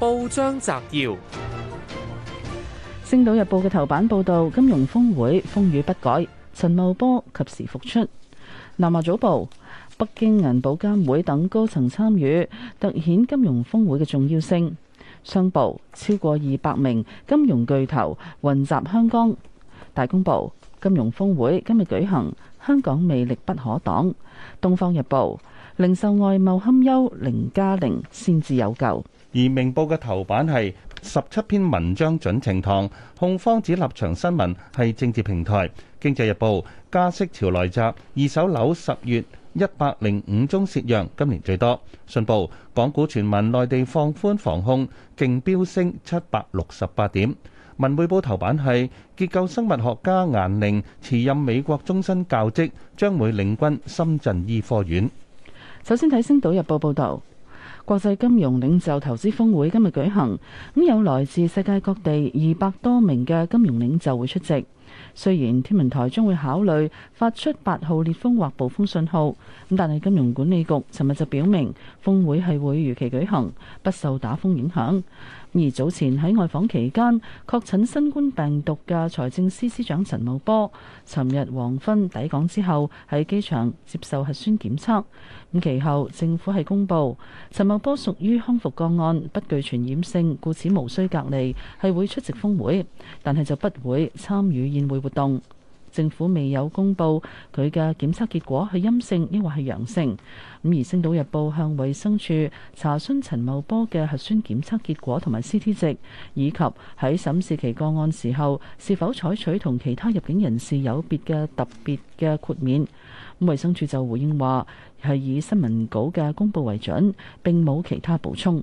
報章摘要：《星島日報》嘅頭版報道，金融峰會風雨不改，陳茂波及時復出。南華早報、北京銀保監會等高層參與，凸顯金融峰會嘅重要性。商報超過二百名金融巨頭雲集香港。大公報：金融峰會今日舉行，香港魅力不可擋。《東方日報》：零售外貿堪憂，零加零先至有救。而明報嘅頭版係十七篇文章准呈堂，控方指立場新聞係政治平台。經濟日報加息潮來襲，二手樓十月一百零五宗蝕讓，今年最多。信報港股傳聞內地放寬防控，勁飆升七百六十八點。文匯報頭版係結構生物學家顏寧辭任美國終身教職，將會領軍深圳醫科院。首先睇《星島日報》報道。國際金融領袖投資峰會今日舉行，咁有來自世界各地二百多名嘅金融領袖會出席。雖然天文台將會考慮發出八號烈風或暴風信號，咁但係金融管理局尋日就表明，峯會係會如期舉行，不受打風影響。而早前喺外訪期間確診新冠病毒嘅財政司司長陳茂波，尋日黃昏抵港之後喺機場接受核酸檢測，咁其後政府係公佈陳茂波屬於康復個案，不具傳染性，故此無需隔離，係會出席峯會，但係就不會參與宴會活政府未有公布佢嘅檢測結果係陰性抑或係陽性。咁而《星島日報》向衛生署查詢陳茂波嘅核酸檢測結果同埋 CT 值，以及喺審視其個案時候是否採取同其他入境人士有別嘅特別嘅豁免。衛生署就回應話係以新聞稿嘅公布為準，並冇其他補充。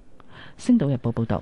星島日報報道。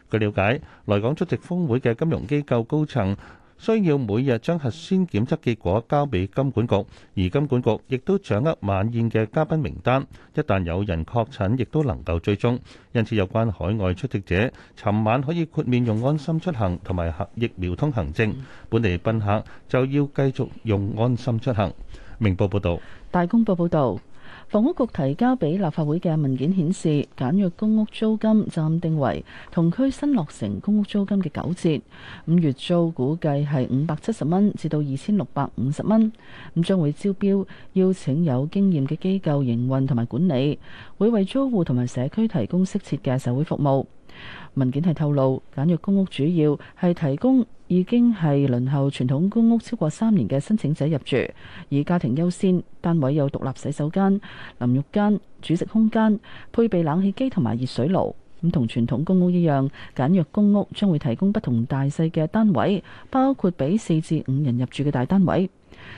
據瞭解，來港出席峯會嘅金融機構高層需要每日將核酸檢測結果交俾金管局，而金管局亦都掌握晚宴嘅嘉賓名單。一旦有人確診，亦都能夠追蹤。因此，有關海外出席者，尋晚可以豁免用安心出行同埋核疫苗通行證；本地賓客就要繼續用安心出行。明報報導，大公報報導。房屋局提交俾立法會嘅文件顯示，簡約公屋租金暫定為同區新落成公屋租金嘅九折，五月租估計係五百七十蚊至到二千六百五十蚊。咁將會招標，邀請有經驗嘅機構營運同埋管理，會為租戶同埋社區提供適切嘅社會服務。文件係透露，簡約公屋主要係提供已經係輪候傳統公屋超過三年嘅申請者入住，以家庭優先，單位有獨立洗手間、淋浴間、煮食空間，配備冷氣機同埋熱水爐。咁同傳統公屋一樣，簡約公屋將會提供不同大細嘅單位，包括俾四至五人入住嘅大單位。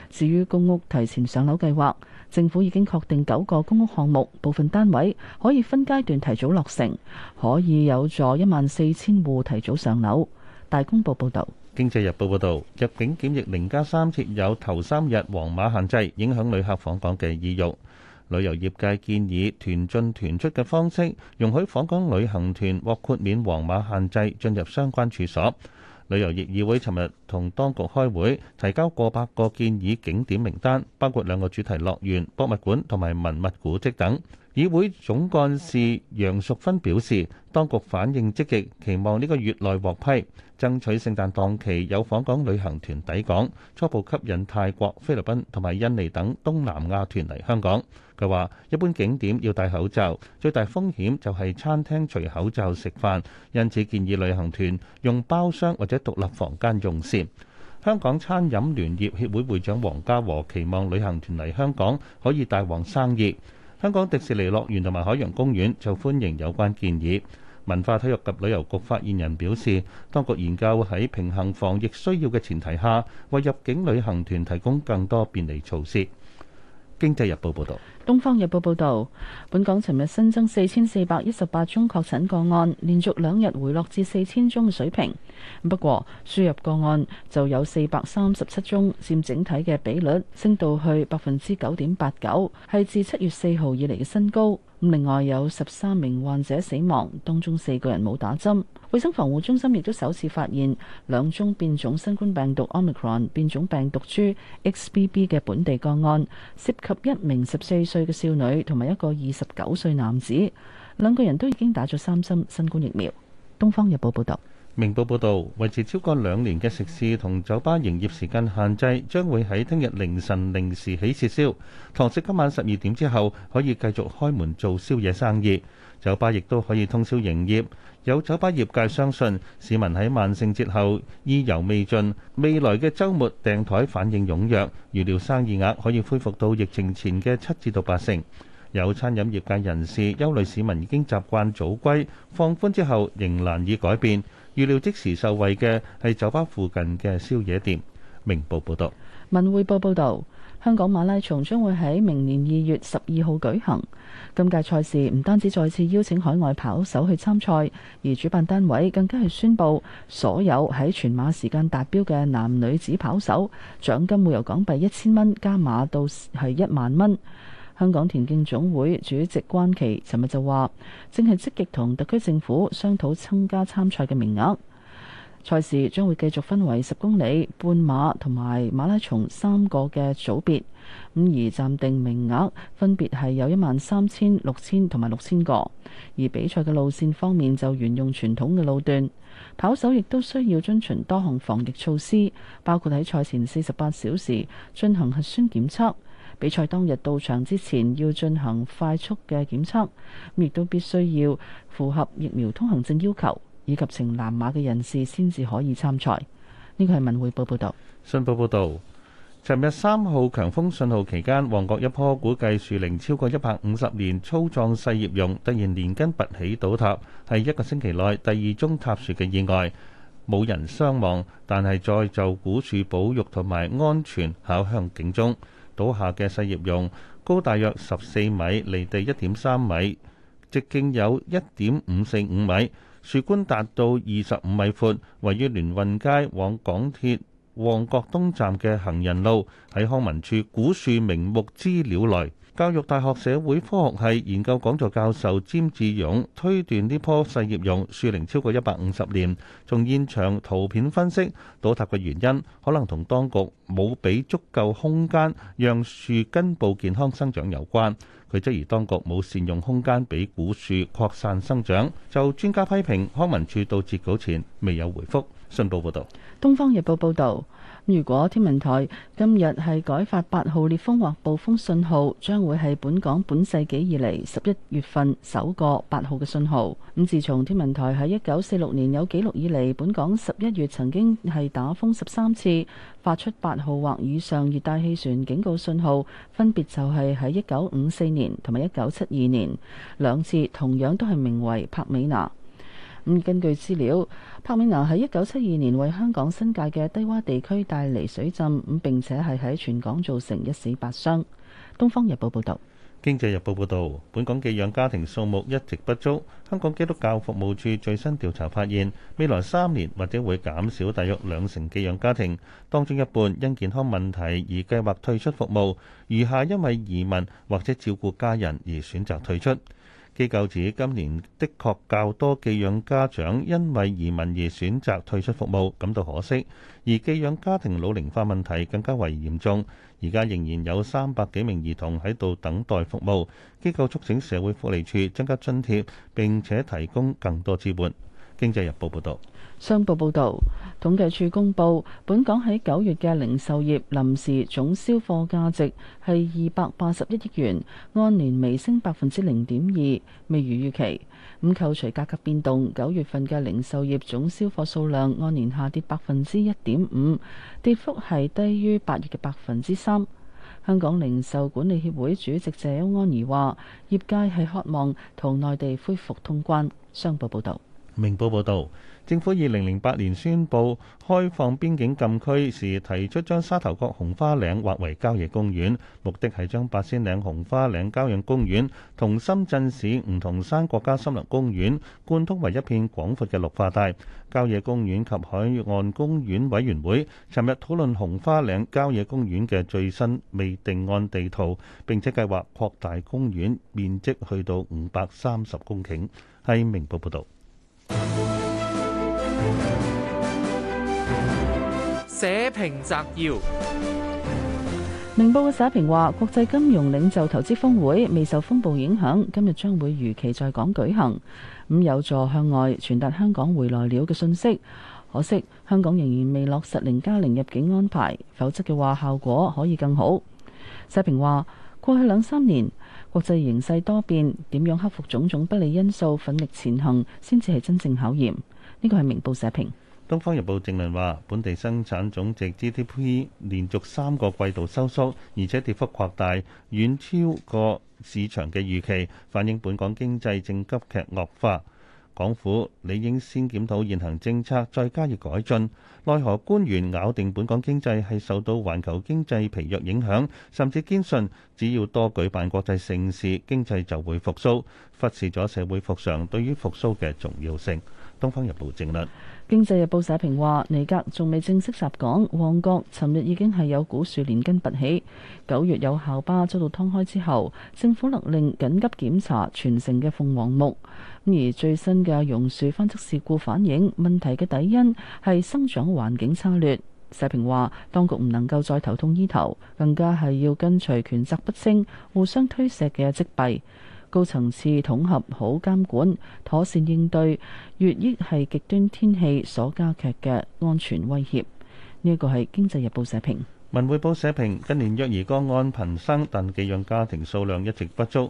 至於公屋提前上樓計劃，政府已經確定九個公屋項目部分單位可以分階段提早落成，可以有助一萬四千戶提早上樓。大公報報道。《經濟日報》報道，入境檢疫零加三設有頭三日黃碼限制，影響旅客訪港嘅意欲。旅遊業界建議團進團出嘅方式，容許訪港旅行團獲豁免黃碼限制，進入相關處所。旅遊業議會尋日同當局開會，提交過百個建議景點名單，包括兩個主題樂園、博物館同埋文物古蹟等。議會總幹事楊淑芬表示，當局反應積極，期望呢個月內獲批，爭取聖誕檔期有訪港旅行團抵港，初步吸引泰國、菲律賓同埋印尼等東南亞團嚟香港。佢話：一般景點要戴口罩，最大風險就係餐廳除口罩食飯，因此建議旅行團用包廂或者獨立房間用膳。香港餐飲聯業協會會,會長黃家和期望旅行團嚟香港可以大旺生意。香港迪士尼樂園同埋海洋公園就歡迎有關建議，文化體育及旅遊局發言人表示，當局研究喺平衡防疫需要嘅前提下，為入境旅行團提供更多便利措施。《經濟日報》報導，《東方日報》報導，本港尋日新增四千四百一十八宗確診個案，連續兩日回落至四千宗嘅水平。不過輸入個案就有四百三十七宗，佔整體嘅比率升到去百分之九點八九，係自七月四號以嚟嘅新高。另外有十三名患者死亡，當中四個人冇打針。衛生防護中心亦都首次發現兩宗變種新冠病毒 Omicron 變種病毒株 XBB 嘅本地個案，涉及一名十四歲嘅少女同埋一個二十九歲男子，兩個人都已經打咗三針新冠疫苗。東方日報報道。明報報導，維持超過兩年嘅食肆同酒吧營業時間限制將會喺聽日凌晨零時起撤銷。堂食今晚十二點之後可以繼續開門做宵夜生意，酒吧亦都可以通宵營業。有酒吧業界相信，市民喺萬聖節後意猶未盡，未來嘅週末訂枱反應踴躍，預料生意額可以恢復到疫情前嘅七至到八成。有餐飲業界人士憂慮，市民已經習慣早歸，放寬之後仍難以改變。預料即時受惠嘅係酒吧附近嘅宵夜店。明報報道，文匯報報道，香港馬拉松將會喺明年二月十二號舉行。今屆賽事唔單止再次邀請海外跑手去參賽，而主辦單位更加係宣佈，所有喺全馬時間達標嘅男女子跑手，獎金會由港幣一千蚊加碼到係一萬蚊。香港田徑總會主席關琦，尋日就話，正係積極同特區政府商討增加參賽嘅名額。賽事將會繼續分為十公里、半馬同埋馬拉松三個嘅組別，咁而暫定名額分別係有一萬三千、六千同埋六千個。而比賽嘅路線方面就沿用傳統嘅路段，跑手亦都需要遵循多項防疫措施，包括喺賽前四十八小時進行核酸檢測。比賽當日到場之前要進行快速嘅檢測，咁亦都必須要符合疫苗通行證要求，以及呈藍碼嘅人士先至可以參賽。呢個係文匯報報導，信報報導，尋日三號強風信號期間，旺角一棵估計樹齡超過一百五十年，粗壯細葉榕突然連根拔起倒塌，係一個星期內第二宗塌樹嘅意外，冇人傷亡，但係再就古樹保育同埋安全敲響警鐘。倒下嘅細葉榕，高大約十四米，離地一點三米，直徑有一點五四五米，樹冠達到二十五米闊，位於聯運街往港鐵旺角東站嘅行人路，喺康文處古樹名木資料內。教育大學社會科學系研究講座教授詹志勇推斷呢棵細葉榕樹齡超過一百五十年，從現場圖片分析倒塌嘅原因，可能同當局冇俾足夠空間讓樹根部健康生長有關。佢質疑當局冇善用空間俾古樹擴散生長，就專家批評康文署到截稿前未有回覆。信報報道，東方日報報道。如果天文台今日係改發八號烈風或暴風信號，將會係本港本世紀以嚟十一月份首個八號嘅信號，咁，自從天文台喺一九四六年有記錄以嚟，本港十一月曾經係打風十三次，發出八號或以上熱帶氣旋警告信號，分別就係喺一九五四年同埋一九七二年兩次，同樣都係名為帕美娜。咁根據資料，柏美娜喺一九七二年為香港新界嘅低窪地區帶嚟水浸，咁並且係喺全港造成一死八傷。《東方日報》報導。《經濟日報》報導，本港寄養家庭數目一直不足。香港基督教服務處最新調查發現，未來三年或者會減少大約兩成寄養家庭，當中一半因健康問題而計劃退出服務，餘下因為移民或者照顧家人而選擇退出。機構指今年的確較多寄養家長因為移民而選擇退出服務，感到可惜。而寄養家庭老齡化問題更加為嚴重，而家仍然有三百幾名兒童喺度等待服務。機構促請社會福利署增加津貼，並且提供更多支援。經濟日報報道。商報報導，統計處公布本港喺九月嘅零售業臨時總銷貨價值係二百八十一億元，按年微升百分之零點二，未如預期。咁扣除價格變動，九月份嘅零售業總銷貨數量按年下跌百分之一點五，跌幅係低於八月嘅百分之三。香港零售管理協會主席謝安儀話，業界係渴望同內地恢復通關。商報報導。明報報導，政府二零零八年宣布開放邊境禁區時，提出將沙頭角紅花嶺劃為郊野公園，目的係將八仙嶺、紅花嶺郊野公園同深圳市梧桐山國家森林公園貫通為一片廣闊嘅綠化帶。郊野公園及海岸公園委員會尋日討論紅花嶺郊野公園嘅最新未定案地圖，並且計劃擴大公園面積去到五百三十公頃。係明報報導。社評摘要：明報嘅社評話，國際金融領袖投資峰會未受風暴影響，今日將會如期在港舉行，咁有助向外傳達香港回來了嘅訊息。可惜香港仍然未落實零加零入境安排，否則嘅話效果可以更好。社評話，過去兩三年國際形勢多變，點樣克服種種不利因素，奮力前行，先至係真正考驗。呢個係明報社評，《東方日報》正論話，本地生產總值 GDP 連續三個季度收縮，而且跌幅擴大，遠超過市場嘅預期，反映本港經濟正急劇惡化。港府理應先檢討現行政策，再加以改進。奈何官員咬定本港經濟係受到環球經濟疲弱影響，甚至堅信，只要多舉辦國際盛事，經濟就會復甦，忽視咗社會復常對於復甦嘅重要性。《東方日報》政論。《經濟日報》社評話：尼格仲未正式襲港，旺角尋日已經係有古樹連根拔起。九月有校巴遭到通開之後，政府勒令緊急檢查全城嘅鳳凰木。而最新嘅榕樹翻側事故反映問題嘅底因係生長環境差劣。社評話，當局唔能夠再頭痛醫頭，更加係要跟隨權責不清、互相推卸嘅積弊，高層次統合好監管，妥善應對越益係極端天氣所加劇嘅安全威脅。呢一個係《經濟日報》社評，《文匯報》社評，近年虐兒個案頻生，但寄養家庭數量一直不足。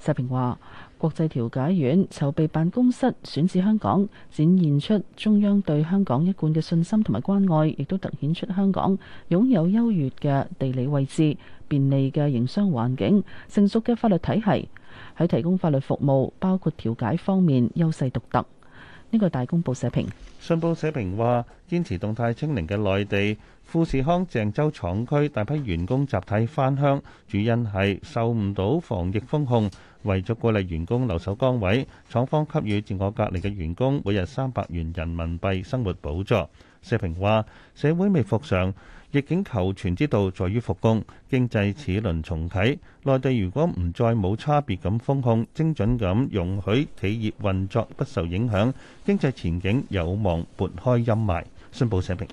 石平話：國際調解院籌備辦公室選址香港，展現出中央對香港一貫嘅信心同埋關愛，亦都突顯出香港擁有優越嘅地理位置、便利嘅營商環境、成熟嘅法律體系，喺提供法律服務，包括調解方面，優勢獨特。呢個大公報社評，信報社評話，堅持動態清零嘅內地富士康鄭州廠區大批員工集體返鄉，主因係受唔到防疫封控，為咗鼓勵員工留守崗位，廠方給予自我隔離嘅員工每日三百元人民幣生活補助。社評話，社會未復常。逆境求存之道，在於復工。經濟此輪重啟，內地如果唔再冇差別咁封控，精準咁容許企業運作不受影響，經濟前景有望撥開陰霾。信報社評。